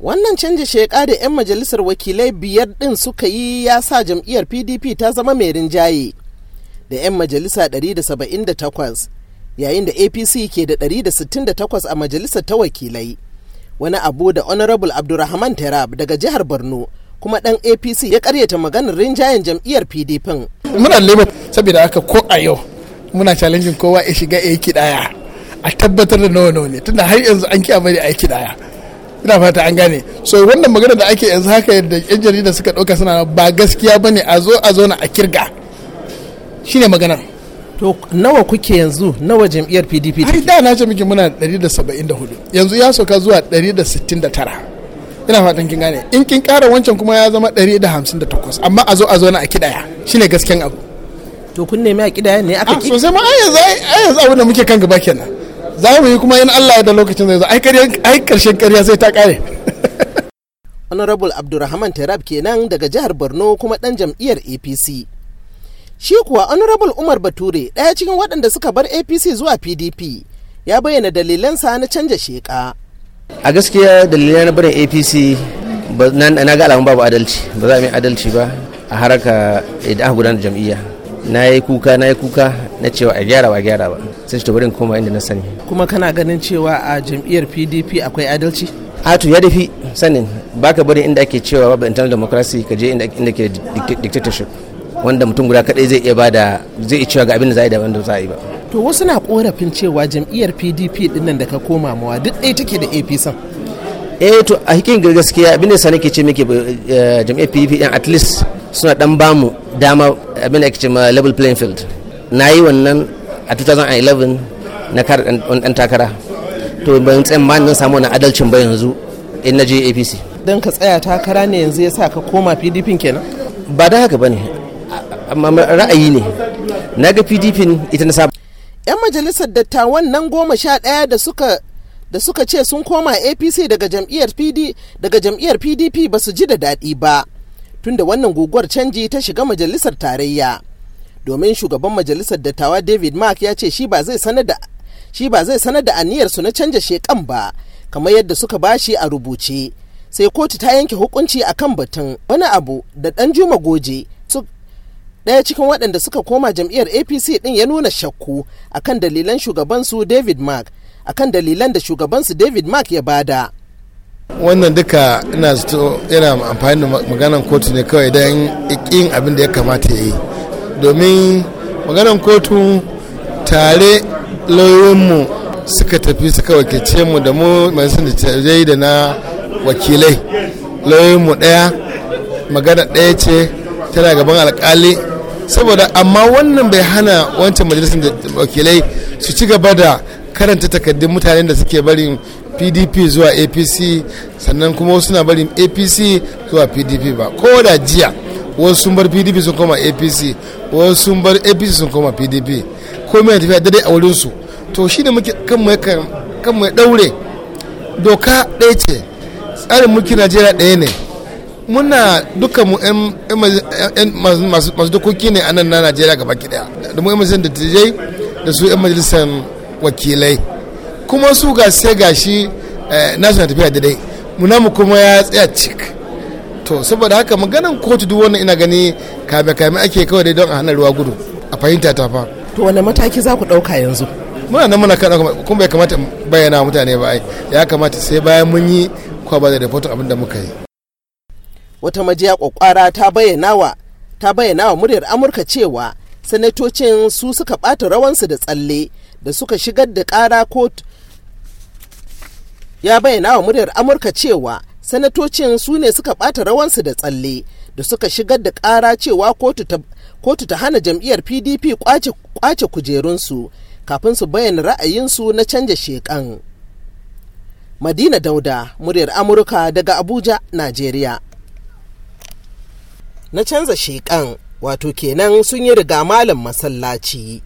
Wannan canji sheka da 'yan majalisar wakilai biyar din suka yi ya sa jam'iyyar PDP ta zama mai rinjaye da 'yan majalisa 178 yayin da APC ke da 168 a majalisar ta wakilai. Wani abu da Honorable Abdulrahman Terab daga jihar Borno kuma dan APC ya karyata maganar rinjayen jam'iyyar PDP. Muna lema saboda aka ko a yau muna challenging kowa ya shiga ya yi kidaya a tabbatar da nono ne tunda har yanzu an ki da aiki daya ina fata an gane so wannan magana da ake yanzu haka yadda yan jarida suka ɗauka suna ba gaskiya ba ne a zo a zauna a kirga shine maganar to nawa kuke yanzu nawa jam'iyyar pdp har da na ce miki muna 174 yanzu ya soka zuwa 169 ina fatan kin gane in kin kara wancan kuma ya zama 158 amma a zo a zo na a kidaya shine gasken abu to kun nemi a kidaya ne aka ah, ki sosai ma ai yanzu yanzu abin da muke kan gaba kenan za mu yi kuma in Allah da lokacin zai zo ai karshen karya sai ta kare honorable abdurrahman terab kenan daga jihar borno kuma ɗan jam'iyyar apc shi kuwa honorable umar bature ɗaya cikin waɗanda suka bar apc zuwa pdp ya bayyana dalilansa na canja sheƙa a gaskiya dalilan na barin apc na ga alamun babu adalci ba za a yi adalci ba a haraka idan aka gudanar jam'iyya na yi kuka na yi kuka na cewa a gyara ba gyara ba sai ta barin koma inda na sani kuma kana ganin cewa a jam'iyyar pdp akwai adalci hatu ya dafi sanin baka barin inda ake cewa ba internal democracy ka je inda ke dictatorship wanda mutum guda kadai zai iya bada zai iya cewa ga abin da za a yi da wanda za a yi ba to wasu na korafin cewa jam'iyyar pdp dinnan da ka koma mawa duk ɗaya take da ap san. eh to a hikin gaskiya abin da sani ke ce muke eh, jam'iyyar pdp din at least suna dan bamu dama abin da ake cewa level playing field na yi wannan a 2011 na kar dan takara to ban nan samu na adalcin ba yanzu in na je apc don ka tsaya takara ne yanzu ya sa ka koma pdp kenan ba da haka ba ne amma ra'ayi ne na ga pdp ita na saba 'yan majalisar dattawan nan goma sha ɗaya da suka da suka ce sun koma apc daga jam'iyyar pd daga jam'iyyar pdp ba su ji da daɗi ba tun da wannan guguwar canji ta shiga majalisar tarayya domin shugaban majalisar dattawa david mark ya ce shi ba zai sanar da su aniyarsu na canja shekan ba kamar yadda suka bashi a rubuce sai kotu ta yanke hukunci a kan batun wani abu da dan juma goje daya cikin waɗanda suka koma jam'iyyar apc ɗin ya nuna shakku akan dalilan shugabansu david mark akan dalilan da shugabansu david mark ya bada wannan duka ina zato yana amfani da maganan kotu ne kawai don yin abin da ya kamata ya yi domin maganan kotu tare lauyoyinmu suka tafi suka wakilce mu da mu majalisar da na wakilai lauyoyinmu ɗaya magana ɗaya ce tana gaban alkali saboda amma wannan bai hana wancan majalisar wakilai su ci gaba da karanta takaddun mutanen da suke barin pdp zuwa apc sannan kuma wasu na barin apc zuwa pdp ba ko da jiya wasu sun bar pdp sun koma apc wasu sun bar apc sun koma pdp ko mai tafiya daidai a wurinsu to shi ne muke kan mai daure doka ɗaya ce tsarin mulki najeriya ɗaya ne muna duka mu masu dokoki ne a nan na najeriya gaba ɗaya da mu yan majalisar da da su yan majalisar wakilai kuma su ga sai shi eh, na suna tafiya da dai muna mu kuma ya tsaya cik to saboda haka maganan kotu duk wannan ina gani kame kame ake kawai dai don a hana ruwa gudu a fahimta ta fa to wani mataki za ku ɗauka yanzu muna nan muna kan kuma bai kamata bayyana mutane ba ai ya kamata sai bayan mun yi kwa ba da rahoton abin da muka yi wata majiya kwakwara ta bayyana wa ta bayyana wa muryar amurka cewa sanatocin su suka ɓata rawansu da tsalle da suka shigar da ƙara kotu ya bayyana wa muryar amurka cewa sanatocin su ne suka ɓata rawansu da tsalle da suka shigar da ƙara cewa kotu ta hana jam'iyyar pdp kwace kujerunsu kafin su bayyana ra'ayinsu na canja shekan madina dauda muryar amurka daga abuja najeriya na canza shekan wato kenan sun yi riga malam masallaci